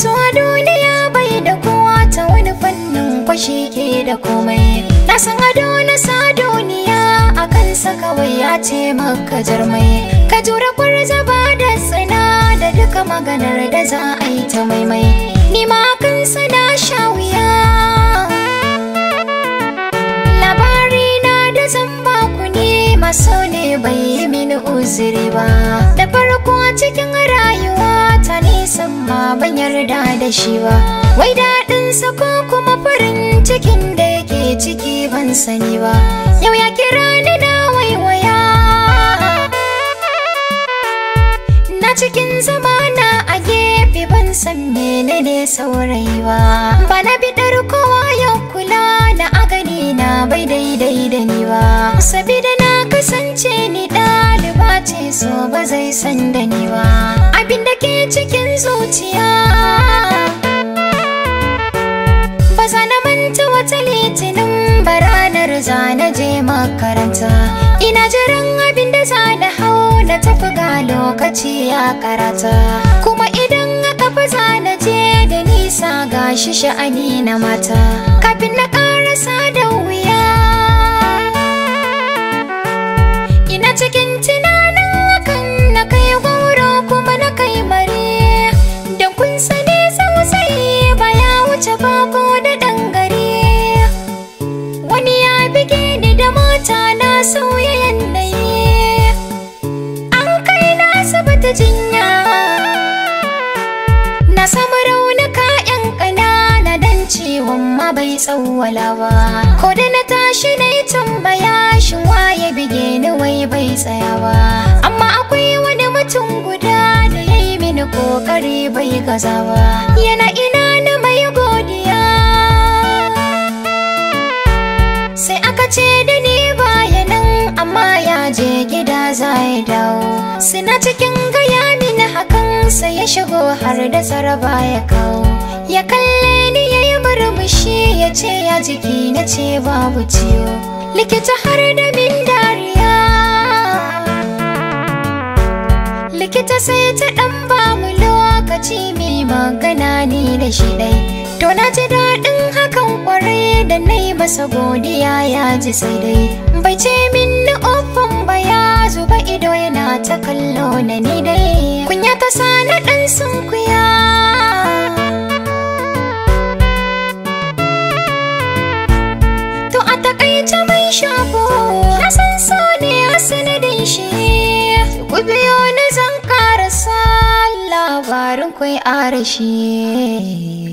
so duniya bai da kowa ta wani fannin kwashi ke da komai na san ado na sa duniya a kansa kawai ya ce maka jarmai ka jura kwarza ba da tsina da duka maganar da za a yi ta maimai ni ma kansa na sha wuya labari na da zan baku ne maso ne bai yi mini uziri ba da farko cikin san ban yarda da shi ba wai daɗin sa ko kuma farin cikin da yake ciki ban sani ba yau ya kira ni na waiwaya na cikin zamana a gefe ban san menene saurayi ba ba na bi ba zai san da ni ba abin da ke cikin zuciya ba zana manta wata litinin baranar zana je makaranta ina jiran abin da za hau da tafi ga lokaci ya karata kuma idan aka fi zana je da nisa ga shi sha'ani na mata kafin na karasa da sauya yanayi an kai na asibiti jinya na samu raunuka yan ƙanana don ciwon ma bai tsawwala ba ko da na tashi na yi tambaya shin waye bige ni wai bai tsaya ba amma akwai wani mutum guda da ya yi mini ƙoƙari bai gaza ba yana ina na mai godiya sai aka ce da je gida za dawo suna cikin gaya mini hakan sai ya shigo har da saraba ya kawo ya kalle ni ya yi murmushi ya ce ya jiki na ce babu ciwo likita har da min dariya likita sai ta dan ba mu lokaci mai magana ni da shi dai to na ji daɗin hakan kwarai da na yi masa godiya ya ji sai dai bai ce min na ofan ta kallo na ni dai kunya ta sana dan ɗan kuya to a ta mai shafo na san so ne a sanadin shi ku biyo ni zan karasa labarin kai arashi